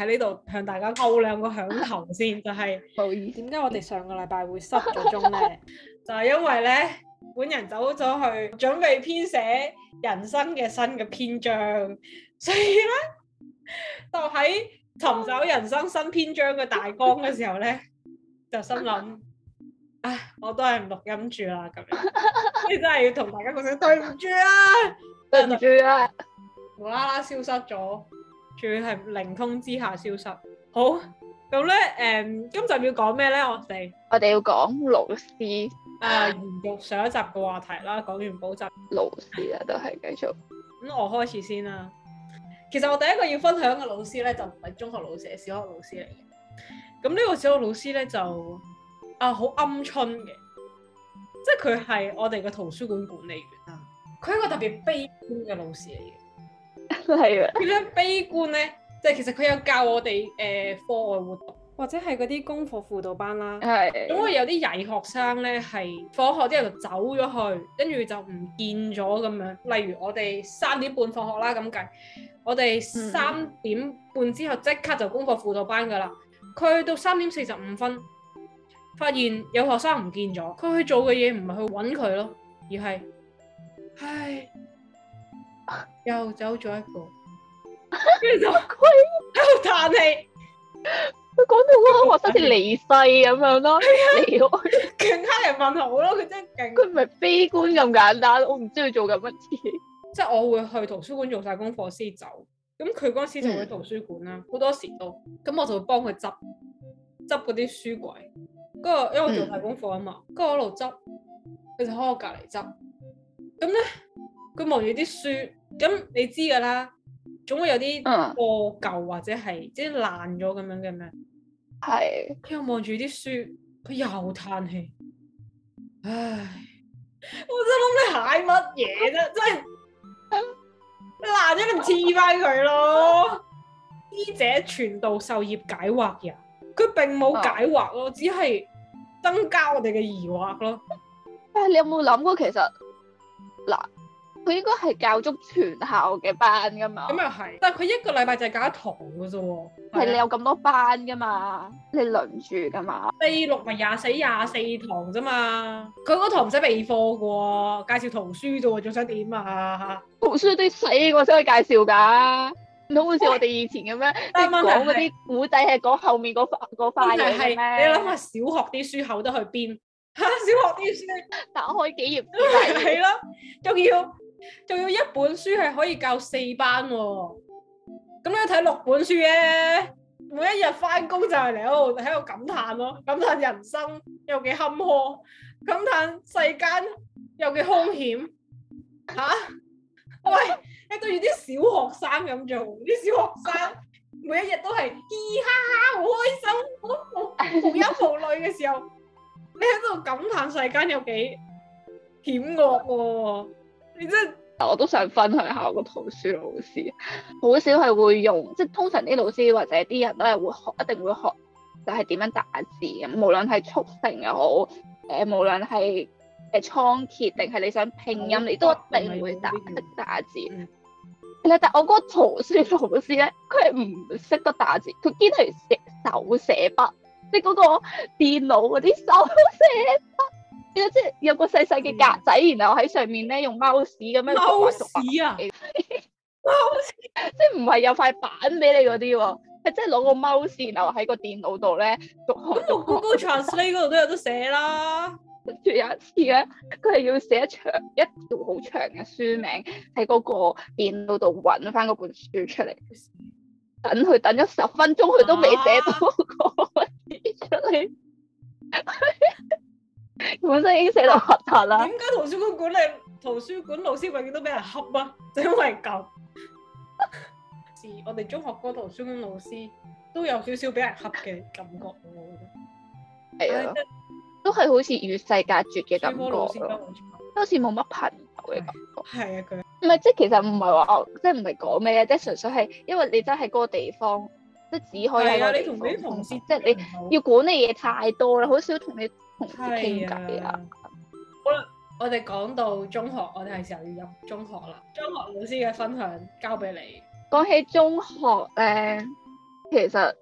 喺呢度向大家叩兩個響頭先，就係點解我哋上個禮拜會失咗鐘咧？就係因為咧，本人走咗去準備編寫人生嘅新嘅篇章，所以咧就喺尋找人生新篇章嘅大綱嘅時候咧，就心諗，唉，我都係唔錄音住啦，咁樣你真係要同大家講聲對唔住啦，對唔住呀，無啦啦消失咗。仲要係靈通之下消失。好，咁咧，誒、嗯，今集要講咩咧？我哋我哋要講老師。誒、呃，延續上一集嘅話題啦，講完補習老師啦、啊，都係繼續。咁、嗯、我開始先啦。其實我第一個要分享嘅老師咧，就唔係中學老師，係小學老師嚟嘅。咁呢個小學老師咧，就啊好鵪鶉嘅，即係佢係我哋嘅圖書館管理員啦。佢係一個特別悲觀嘅老師嚟嘅。係啦，佢咧 悲觀呢，即係其實佢有教我哋誒課外活動，或者係嗰啲功課輔導班啦。係的，咁我有啲曳學生呢，係放學之後就走咗去，跟住就唔見咗咁樣。例如我哋三點半放學啦，咁計，我哋三點半之後即刻就功課輔導班噶啦。佢 到三點四十五分，發現有學生唔見咗。佢去做嘅嘢唔係去揾佢咯，而係，唉。又走咗一個，跟住 就喺度嘆氣，佢講 到我好似離世咁樣咯，更加、 啊、開人問好咯，佢真係勁，佢唔係悲觀咁簡單，我唔知佢做緊乜嘢。即係我會去圖書館做晒功課先走，咁佢嗰時就喺圖書館啦，好、嗯、多時都，咁我就幫佢執執嗰啲書櫃，嗰個因為我做晒功課啊嘛，跟住、嗯、我喺度執，佢就喺我隔籬執，咁咧佢望住啲書。咁你知噶啦，總會有啲破舊或者係即係爛咗咁樣嘅咩？係的。佢又望住啲書，佢又嘆氣。唉，我真諗你係乜嘢啫？真係 爛咗咪黐翻佢咯？師者傳道授業解惑人，佢並冇解惑咯， 只係增加我哋嘅疑惑咯。啊，你有冇諗過其實嗱？佢應該係教足全校嘅班噶嘛？咁又係，但係佢一個禮拜就係教一堂嘅啫喎。係你有咁多班噶嘛？你輪住噶嘛？四六咪廿四，廿四堂啫嘛。佢嗰堂唔使備課嘅喎，介紹圖書啫喎，仲想點啊？圖書都死，我想佢介紹㗎。好唔好似我哋以前咁樣，啱啱講嗰啲古仔係講後面嗰塊，你諗下小學啲書厚得去邊？小學啲書打開幾頁都係係咯，仲要。仲要一本書係可以教四班、哦，咁你睇六本書咧，每一日翻工就係嚟喺度喺度感嘆咯、哦，感嘆人生又幾坎坷，感嘆世間又幾兇險，吓、啊， 喂，你對住啲小學生咁做，啲小學生每一日都係嘻嘻哈哈好開心，好無 無憂無慮嘅時候，你喺度感嘆世間有幾險惡。你真，我都想分享下我個圖書老師，好少係會用，即係通常啲老師或者啲人都係會學，一定會學就係點樣打字嘅，無論係速成又好，誒，無論係誒倉頡定係你想拼音，手你都一定會打手打字。嗯、但係我嗰個圖書老師咧，佢係唔識得打字，佢堅係寫手寫筆，即係嗰個電腦嗰啲手寫筆。 即係即係有個細細嘅格仔，然後喺上面咧用貓屎咁樣讀。貓屎啊！貓 屎， 即係唔係有塊板俾你嗰啲喎，係真係攞個貓屎然後喺個電腦度咧讀。咁我 Google Translate 嗰度都有得寫啦。有一次嘅、啊，佢係要寫長一條好長嘅書名喺嗰個電腦度搵翻嗰本書出嚟。等佢等咗十分鐘，佢都未寫到嗰個字出嚟。啊 本身已經死到核突啦！點解圖書館管理、圖書館老師永遠都俾人恰啊？就因為咁，我哋中學嗰個圖書館老師都有少少俾人恰嘅感覺咯。係啊，都係好似與世隔絕嘅感覺咯，都好似冇乜朋友嘅感覺。係啊，佢唔係即係其實唔係話即係唔係講咩啊，即係純粹係因為你真係喺嗰個地方，即係只可以喺嗰個地方、啊、你同你啲同事不不即係你要管理嘢太多啦，好少同你。同佢傾偈啊，好啦，我哋講到中學，我哋係時候要入中學啦。中學老師嘅分享交俾你。講起中學咧，其實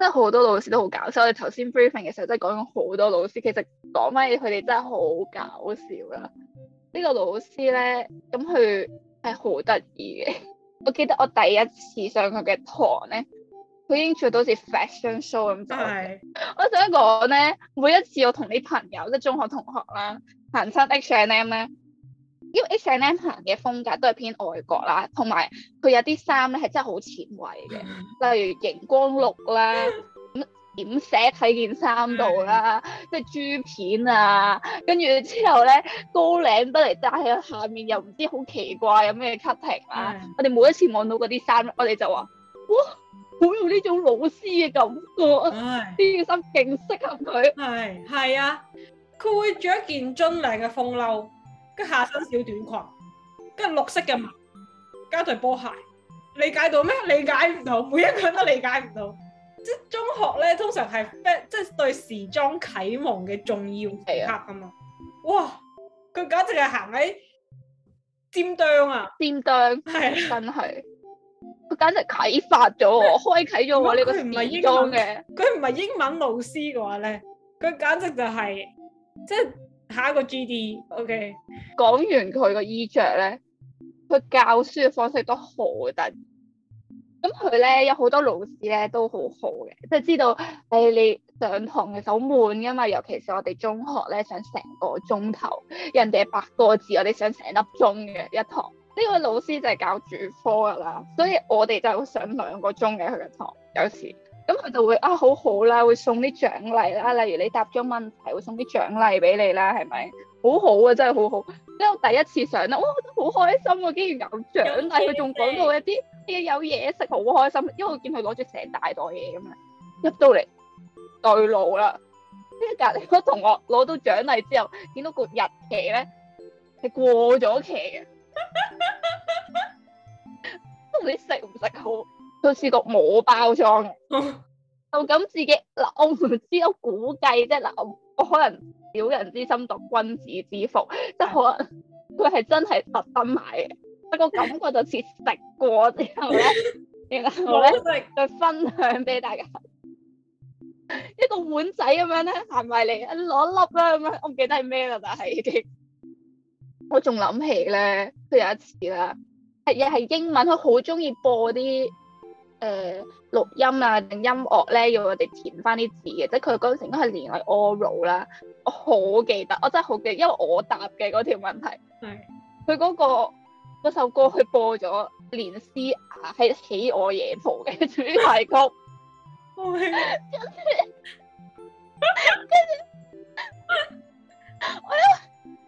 真係好多老師都好搞笑。我哋頭先 briefing 嘅時候真係講咗好多老師，其實講乜嘢佢哋真係好搞笑啦。呢個老師咧，咁佢係好得意嘅。我記得我第一次上佢嘅堂咧。佢已經做到好似 fashion show 咁大事，我想講咧，每一次我同啲朋友即係、就是、中學同學啦，行親 H and M 咧，因為 H and M 行嘅風格都係偏外國啦，同埋佢有啲衫咧係真係好前衞嘅，例如熒光綠啦、點石喺件衫度啦，即係珠片啊，跟住之後咧高領都嚟揸喺下面又唔知好奇怪有咩 cutting 啦我哋每一次望到嗰啲衫，我哋就話哇～好有呢種老師嘅感覺，啲嘢心勁適合佢，係係啊，佢會着一件樽領嘅風褸，跟下身小短裙，跟綠色嘅襪，加對波鞋，理解到咩？理解唔到，每一個人都理解唔到。即係中學咧，通常係即係對時裝啟蒙嘅重要時刻啊嘛。哇，佢簡直係行喺尖端啊！尖端係真係。簡直啟發咗我，開啓咗我呢、啊、個視覺嘅。佢唔係英文老師嘅話咧，佢簡直就係即係下一個 GD、okay。OK，講完佢個衣着咧，佢教書嘅方式都好得。咁佢咧有好多老師咧都好好嘅，即係知道誒、哎、你上堂嘅時候悶嘅嘛，尤其是我哋中學咧想成個鐘頭，人哋八個字，我哋上成粒鐘嘅一堂。呢位老師就係教主科噶啦，所以我哋就係會上兩個鐘嘅佢嘅堂。有時咁佢就會啊，好好啦，會送啲獎勵啦，例如你答咗問題，會送啲獎勵俾你啦，係咪好好啊？真係好好。之後第一次上咧、哦，我覺得好開心啊，竟然有獎勵，佢仲講到一啲嘢有嘢食，好開心。因為我見佢攞住成大袋嘢咁樣入到嚟對路啦。呢隔離個同學攞到獎勵之後，見到個日期咧係過咗期嘅。都唔知食唔食好，都試過冇包裝嘅， 就咁自己嗱，我唔知我估計啫，嗱我，我可能小人之心度君子之腹，即係可能佢係真係特登買嘅，不過感覺就似食過之後咧， 然後咧再分享俾大家，一個碗仔咁樣咧，行埋嚟攞粒啦咁樣，我唔記得係咩啦，但係已經。我仲諗起咧，佢有一次啦，係又係英文，佢好中意播啲誒、呃、錄音啊定音樂咧，要我哋填翻啲字嘅，即係佢嗰陣時應該係練我 oral 啦。我好記得，我真係好記得，因為我答嘅嗰條問題，佢嗰對、嗰個首歌佢播咗、啊《連詩雅》係《喜愛夜蒲》嘅主題曲。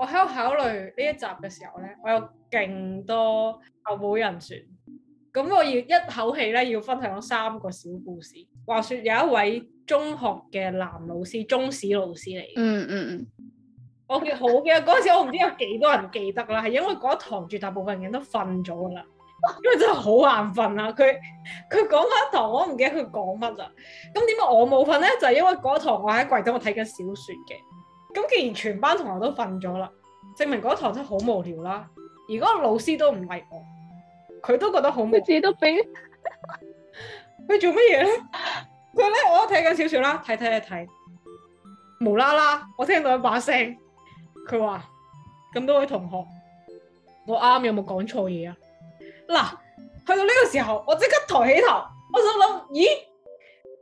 我喺度考慮呢一集嘅時候咧，我有勁多候補人選，咁我要一口氣咧，要分享三個小故事。話說有一位中學嘅男老師，中史老師嚟嘅。嗯嗯嗯。OK，好嘅，嗰陣時我唔知有幾多人記得啦，係因為嗰一堂絕大部分人都瞓咗啦，因為真係好眼瞓啦。佢佢講一堂，我唔記得佢講乜啦。咁點解我冇瞓咧？就係因為嗰一堂我喺櫃度我睇緊小說嘅。咁既然全班同學都瞓咗啦，證明嗰堂真係好無聊啦。而嗰老師都唔係我，佢都覺得好無聊。佢 做乜嘢咧？佢咧，我都睇緊少少啦，睇睇睇睇。無啦啦，我聽到一把聲，佢話：咁多位同學，我啱有冇講錯嘢啊？嗱，去到呢個時候，我即刻抬起頭，我想諗：咦，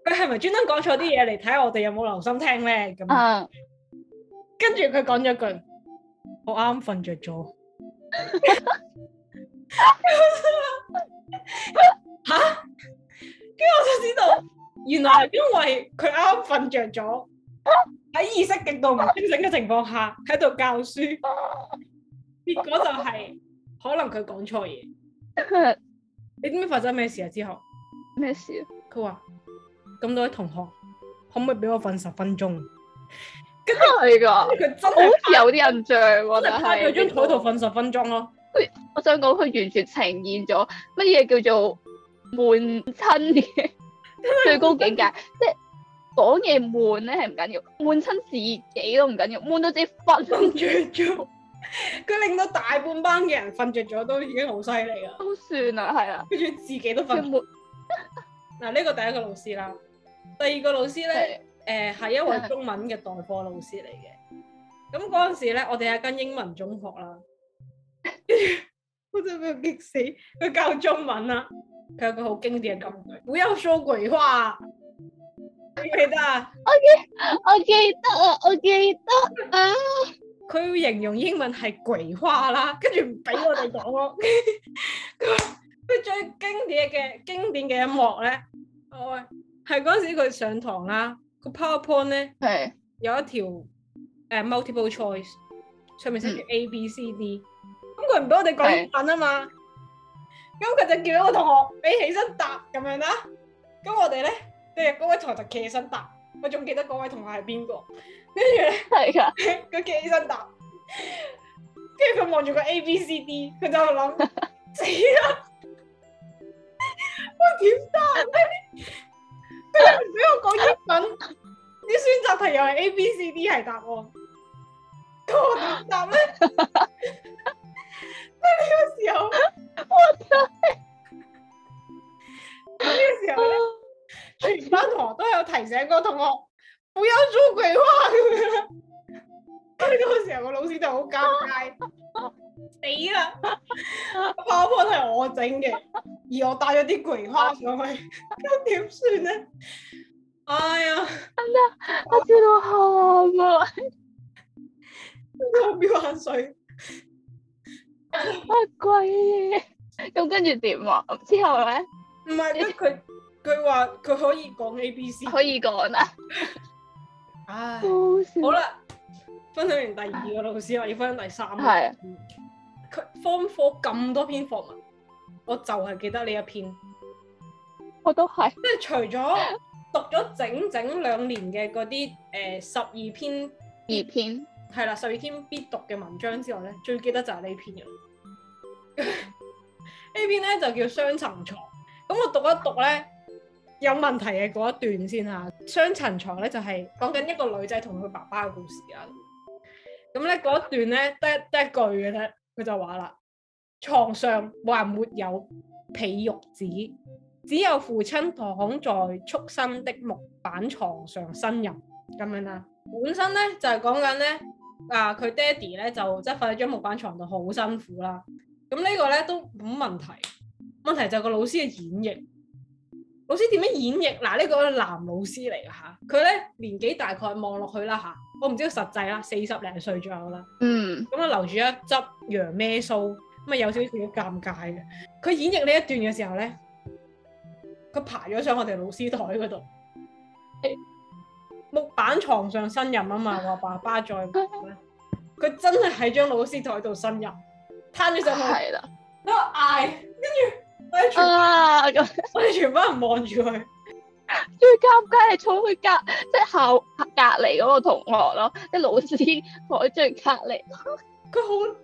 佢係咪專登講錯啲嘢嚟，睇我哋有冇留心聽咧？咁啊。Uh. 跟住佢講咗句：我啱瞓着咗。吓、 啊！跟住我就知道，原來係因為佢啱瞓着咗，喺意識極度唔清醒嘅情況下喺度教書，結果就係可能佢講錯嘢。 你知唔知發生咩事啊？之後咩事啊？佢話咁多位同學，可唔可以俾我瞓十分鐘？真係噶，我好似有啲印象喎。即係佢喺張台度瞓十分鐘咯。他好我想講佢完全呈現咗乜嘢叫做悶親嘅最高境界。即係講嘢悶咧係唔緊要，悶親自己都唔緊要，悶到自己瞓瞓著咗。佢令到大半班嘅人瞓着咗都已經好犀利啦。都算悶啊，係啊。跟住自己都瞓。嗱，呢個第一個老師啦，第二個老師咧。誒，係、呃、一位中文嘅代課老師嚟嘅。咁嗰陣時咧，我哋係跟英文中學啦。我真係激死，佢 教中文啦。佢有個好經典嘅句，不要說鬼話。記唔記得啊？我記，我記得啊。我記得啊。佢 形容英文係鬼話啦，跟住唔俾我哋講咯。佢 最經典嘅經典嘅一幕咧，係嗰陣時佢上堂啦。個 PowerPoint 咧是有一條誒、uh, multiple choice 上面寫住 A、嗯、A, B C,、C、D，咁佢唔俾我哋講英文啊嘛，咁佢是就叫咗個同學俾起身答咁樣啦，咁我哋咧即係嗰位同學就企起身答，我仲記得嗰位同學係邊個。跟住咧係啊，佢企的 起身答，跟住佢望住個 A B, C, D,、B、C、D，佢就度諗死啦，我點答呢？你唔使我講英文，啲選擇題又係 A、B、C、D 係答案，多答案咩？即係呢個時候，我真係呢、這個時候咧，全班同學都有提醒過同學不要說鬼話。 跟住嗰時候個老師就好尷尬，死啦！包荒係我整嘅，而我帶咗啲菊花上去，咁點算咧？哎呀，真啊，阿志佬吓我，我邊玩水？乜鬼嘢？咁跟住點啊？之後咧？唔係不，佢佢話佢可以講 A B C，可以講啊！ 唉， 好啦了。好分享完第二個老師，我要分享第三個。佢 form four 咁多篇課文，我就係記得呢一篇。我都係，即係除咗讀咗整整兩年嘅嗰啲誒十二篇，二篇係啦，十二篇必讀嘅文章之外咧，最記得就係 呢篇嘅。呢篇咧就叫《雙層床》，咁我讀一讀咧，有問題嘅嗰一段先嚇。《雙層床》呢咧就係講緊一個女仔同佢爸爸嘅故事啊。咁咧嗰段咧，得一得一句嘅咧，佢就話啦：床上還沒有被褥子，只有父親躺在畜生的木板床上呻吟。咁樣啦，本身咧就係講緊咧，啊佢爹哋咧就即係瞓喺張木板床度好辛苦啦。咁呢個咧都冇問題，問題就係個老師嘅演繹。老師點樣演繹？嗱、啊，呢個男老師嚟㗎吓，佢、啊、咧年紀大概望落去啦吓、啊，我唔知道實際啦，四十零歲左右啦、嗯。嗯。咁啊，留住一執羊咩鬚，咁啊有少少尷尬嘅。佢演繹呢一段嘅時候咧，佢爬咗上我哋老師台嗰度，欸、木板床上呻吟啊嘛，話爸爸在。佢、啊、真係喺張老師台度呻吟，攤住只胸，嗱、啊，嗌，跟住、啊。啊！我哋全班人望住佢，最尷尬係坐佢隔即後隔籬嗰個同學咯，即老師坐最隔籬，佢好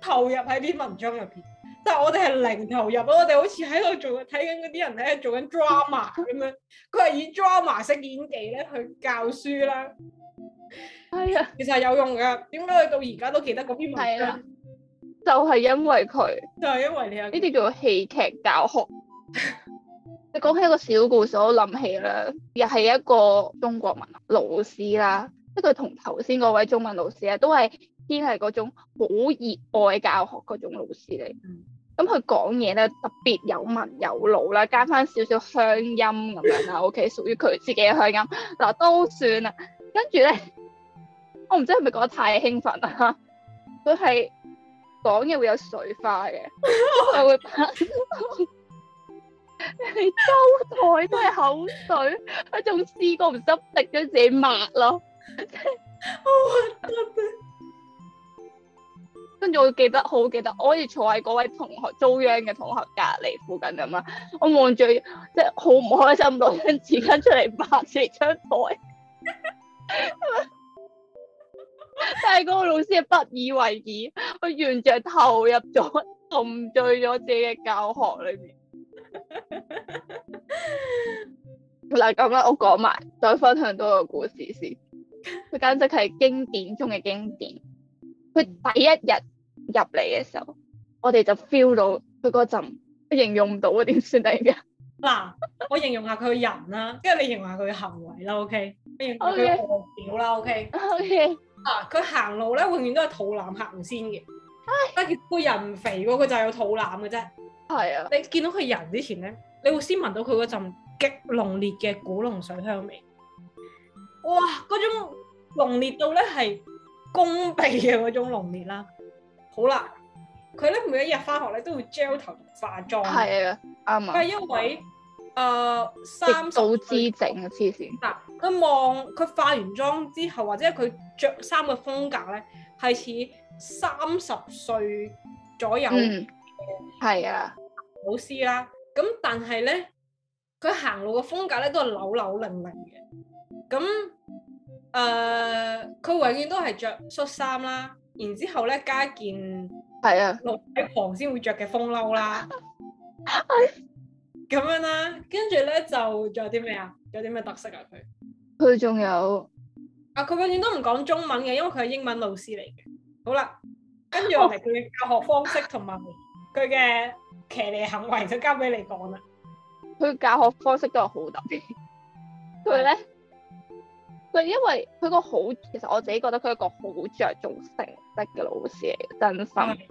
投入喺篇文章入邊，但係我哋係零投入，我哋好似喺度做睇緊嗰啲人喺度做緊 drama 咁樣，佢係 以 drama 式演技咧去教書啦，係啊、哎呀，其實係有用噶，點解佢到而家都記得嗰篇文章？就係因為佢，就係因為你啊，呢啲叫做戲劇教學。你講起一個小故事，我都諗起啦，又係一個中國文老師啦，即係佢同頭先嗰位中文老師咧，都係偏係嗰種好熱愛教學嗰種老師嚟。咁佢講嘢咧特別有文有腦啦，加翻少少鄉音咁樣啦。OK，屬於佢自己嘅鄉音嗱，都算啦。跟住咧，我唔知係咪講得太興奮啦？佢係。講嘢會有水花嘅，我會拍你周台都係口水，我仲試過唔濕，拎咗自己抹咯。跟 住、 啊、 我記得好記得，我好似坐喺嗰位同學遭殃嘅同學隔籬附近咁啦，我望住即係好唔開心到，跟住撕出嚟拍住張台。 但係嗰個老師係不以為意，佢完全投入咗、同醉咗自己嘅教學裏邊。嗱咁啦，我講埋再分享多個故事先。佢 簡直係經典中嘅經典。佢第一日入嚟嘅時候，我哋就 feel 到佢嗰陣，佢形容唔到啊，點算得而家？嗱 我形容下佢嘅人啦，跟住你形容下佢嘅行為啦，OK？形容下佢嘅外表啦，OK？okay. okay. 啊！佢行路咧，永遠都係肚腩行先嘅。唉，但係佢人唔肥喎，佢就係有肚腩嘅啫。係啊，你見到佢人之前咧，你會先聞到佢嗰陣極濃烈嘅古龍水香味。哇！嗰種濃烈度咧，係攻鼻嘅嗰種濃烈啦。好啦，佢咧每一日翻學咧都會 gel 頭化妝。係啊，啱啊。係因為。嗯誒三十，導致整嘅黐線。嗱，佢望佢化完妝之後，或者佢著衫嘅風格咧，係似三十歲左右嘅，係啊，老師啦。咁但係咧，佢行路嘅風格咧都係扭扭擰擰嘅。咁誒，佢永遠都係著恤衫啦，然之後咧加一件係啊，露體狂先會著嘅風褸啦。係。咁樣啦，跟住咧就仲有啲咩啊？有啲咩特色啊？佢佢仲有啊！佢永遠都唔講中文嘅，因為佢係英文老師嚟嘅。好啦，跟住我係佢嘅教學方式同埋佢嘅騎呢行為，就交俾你講啦。佢教學方式都係好特別，佢咧佢因為佢個好，其實我自己覺得佢一個好着重成績嘅老師嚟，真心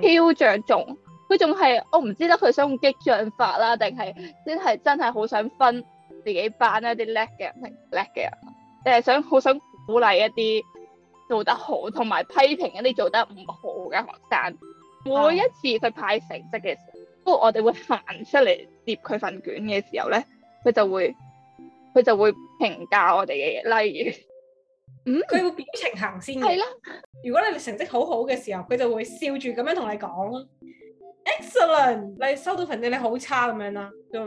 係超着重。佢仲係我唔知得佢想用激將法啦，定係即係真係好想分自己班一啲叻嘅人同唔叻嘅人，定係想好想鼓勵一啲做得好，同埋批評一啲做得唔好嘅學生。啊、每一次佢派成績嘅時候，不過、啊、我哋會行出嚟接佢份卷嘅時候咧，佢就會佢就會評價我哋嘅嘢。例如，嗯，佢會表情行先嘅。係咯的。如果你哋成績好好嘅時候，佢就會笑住咁樣同你講，Excellent！你收到份嘅你好差咁樣啦，就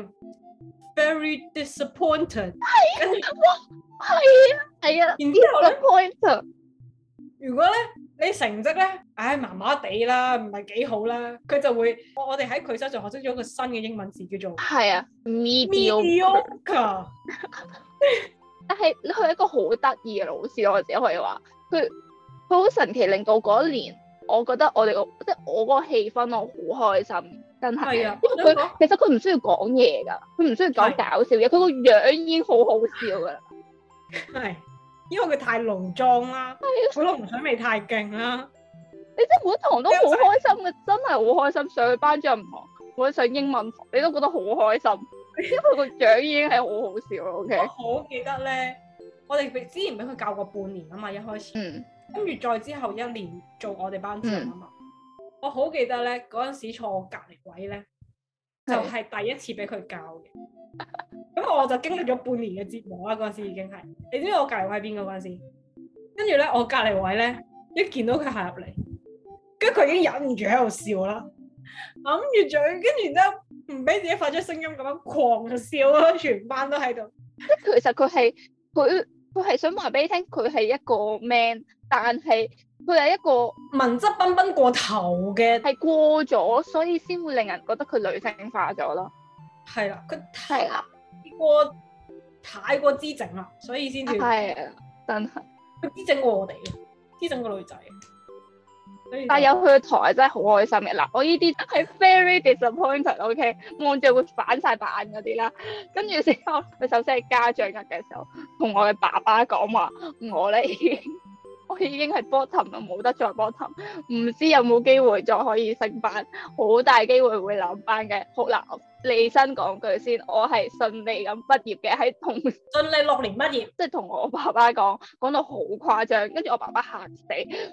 very disappointed。係啊，係啊，係啊。然之後咧，如果咧你成績咧，唉麻麻地啦，唔係幾好啦，佢就會我哋喺佢身上學識咗個新嘅英文字叫做係啊，mediocre。但係佢係一個好得意嘅老師咯，我自己可以話佢佢好神奇，令到嗰一年。我覺得我哋個即係我嗰個氣氛，我好開心，真係。因為佢其實佢唔需要講嘢噶，佢唔需要講搞笑嘢，佢個樣已經好好笑噶啦。係因為佢太濃妝啦，古龍水味太勁啦。你即係本堂都好開心嘅，的真係好開心。上班主任堂或者上英文堂，你都覺得好開心，因為個樣已經係好好笑啦。O、okay? K。我好記得咧，我哋之前俾佢教過半年啊嘛，一開始。嗯跟住再之後一年做我哋班長啊嘛，嗯、我好記得咧，嗰陣時坐我隔離位咧，就係、是、第一次俾佢教嘅。咁我就經歷咗半年嘅折磨啦，嗰陣時已經係，你知唔知我隔離位邊個嗰陣時？跟住咧我隔離位咧一見到佢行入嚟，跟住佢已經忍唔住喺度笑啦，揞住嘴，跟住咧唔俾自己發出聲音咁樣狂笑啊！全班都喺度，即係其實佢係佢。佢係想話俾你聽，佢係一個 man，但係佢係一個文質彬彬過頭嘅，係過咗，所以先會令人覺得佢女性化咗咯。係啦，佢係啦，過太過姿整啦，所以先係啊，但係佢姿整過我哋，姿整個女仔。但有去台真係好開心嘅嗱、okay？我呢啲係 very disappointed, OK，望住會反晒白眼嗰啲啦。跟住之後，佢首先係家長日嘅時候，同我嘅爸爸講話，我咧已經我已經係 bottom 冇得再 bottom，唔知有冇機會再可以升班，好大機會會落班嘅，好難。你先講句先，我係順利咁畢業嘅，喺同順利六年畢業，即係同我爸爸講，講到好誇張，跟住我爸爸嚇死，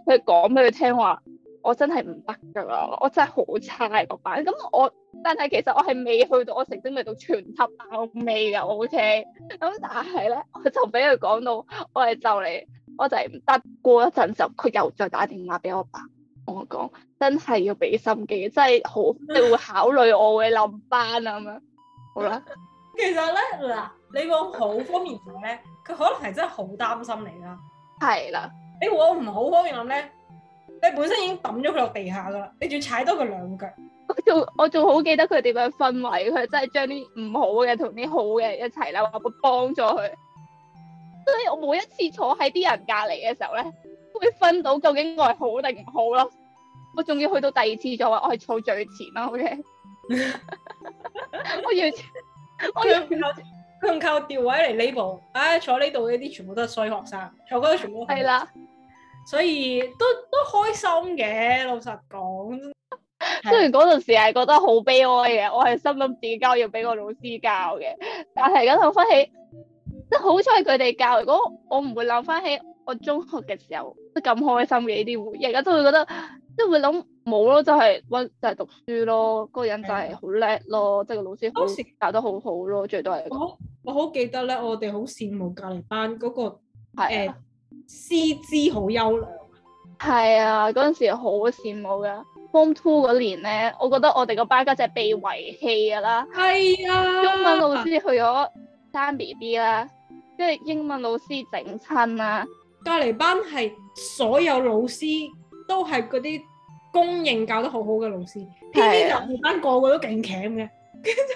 佢講俾佢聽話，我真係唔得㗎啦，我真係好差個班，咁我但係其實我係未去到，我成績未到全級爆尾嘅，我好驚，咁、OK? 但係咧，就俾佢講到，我係就嚟，我就係唔得，過一陣就佢又再打電話俾我爸爸。我講真係要俾心機，真係好你會考慮我會諗班啊咁樣。好啦，其實咧嗱，你往好方面諗咧，佢可能係真係好擔心你啦。係啦，誒，我唔好方面諗咧，你本身已經抌咗佢落地下噶啦，你仲要踩多佢兩腳。我仲我仲好記得佢點樣分位，佢真係將啲唔好嘅同啲好嘅一齊啦，話會幫助佢。所以我每一次坐喺啲人隔籬嘅時候咧，會分到究竟我係好定唔好咯。我仲要去到第二次座位，我係坐最前啦。O.K. 我要，我要 靠佢，仲靠調位嚟呢部唉，坐呢度嘅啲全部都係衰學生，坐嗰度全部係啦。了所以都都開心嘅。老實講， 雖然嗰陣時係覺得好悲哀嘅，我係心諗點解我要俾個老師教嘅？但係而家諗翻起，即係好彩佢哋教。如果我唔會諗翻起我中學嘅時候都咁開心嘅呢啲，而家都會覺得。即係會諗冇咯，就係、是、溫，就係、是、讀書咯。嗰個人就係好叻咯，即係的個老師時教得好好咯，最多係、那個。我我好記得咧，我哋好羨慕隔籬班嗰、那個誒師資好優良。係啊，嗰陣時好羨慕噶。Form Two 嗰年咧，我覺得我哋個班簡直被遺棄噶啦。係啊的。中文老師去咗生 B B 啦，即係英文老師整親啦。隔籬班係所有老師。都係嗰啲公認教得好好嘅老師，偏偏就後生個個都勁働嘅。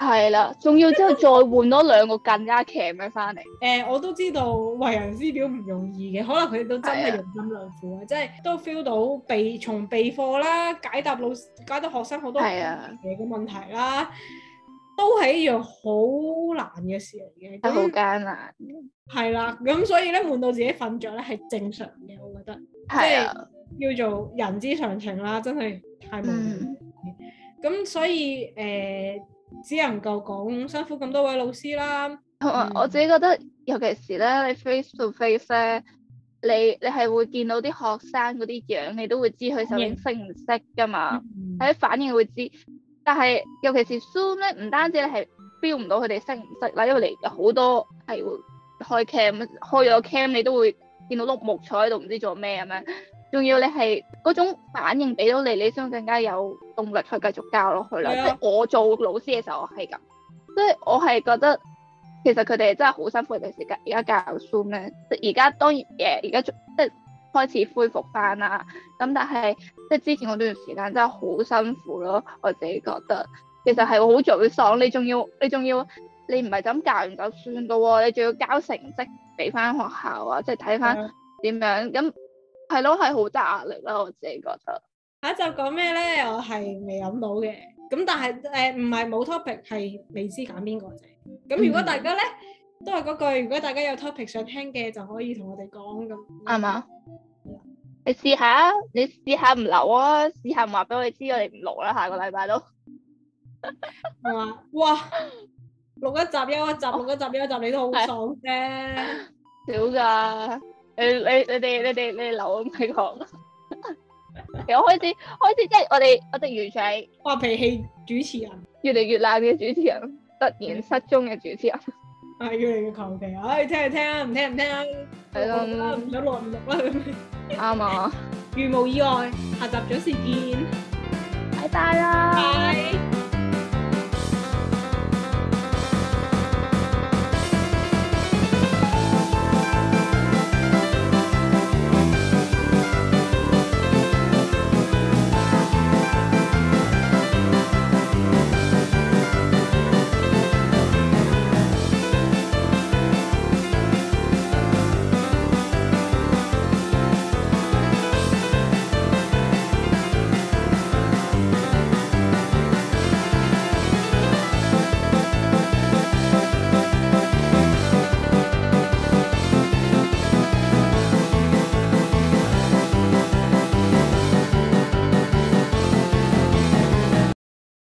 係啦、啊，仲 要之後再換多兩個更加働嘅翻嚟。誒、呃，我都知道為人師表唔容易嘅，可能佢哋都真係用心良苦啊！即係都 feel 到備從備課啦，解答老解答學生好多嘢嘅問題啦，啊、都係一樣好難嘅事嚟嘅。都好艱難嘅。係啦、嗯，咁、啊、所以咧悶到自己瞓着咧係正常嘅，我覺得。係叫做人之常情啦，真係太無聊。咁、嗯、所以誒、呃，只能夠講辛苦咁多位老師啦。嗯、同埋我自己覺得，尤其是咧，你 face to face 咧，你你係會見到啲學生嗰啲樣，你都會知佢究竟識唔識㗎嘛？睇、嗯嗯、反應會知。但係尤其是 Zoom 咧，唔單止你係標唔到佢哋識唔識啦，因為你好多係會開 cam，開咗 cam 你都會見到碌木坐喺度唔知做咩咁樣。仲要你係嗰種反應俾到你，你想更加有動力去繼續教落去啦。啊、即係我做老師嘅時候，係咁，即係我係覺得其實佢哋真係好辛苦嘅時間。而家教書咧，而家當然誒，而家即係開始恢復翻啦。咁但係即係之前嗰段時間真係好辛苦咯。我自己覺得其實係好沮喪。你仲要你仲要你唔係就咁教完就算㗎喎？你仲要交成績俾翻學校看看啊？即係睇翻點樣咁。係咯，係好大壓力囉，我自己覺得。下一集講咩咧？我係未諗到嘅。咁但係誒，唔係冇 topic，係未知揀邊個啫。咁如果大家咧、嗯、都係嗰句，如果大家有 topic 想聽嘅，就可以同我哋講咁。係嘛、啊？你試下，你試下唔留啊！試下唔話俾我哋知，我哋唔錄啦，下個禮拜都。係 嘛、啊？哇！錄一集，休一集，錄 一集，休一集，你都好爽啫！屌噶對～ 你你你哋你哋你哋留我嚟講，其實開始開始即係我哋我哋完全係發脾氣主持人，越嚟越爛嘅主持人，突然失蹤嘅主持人，係越嚟越求其，唉聽就聽，唔聽唔聽，係咯，唔想錄唔錄啦，啱啊，如無意外，下集準時見，拜拜啦。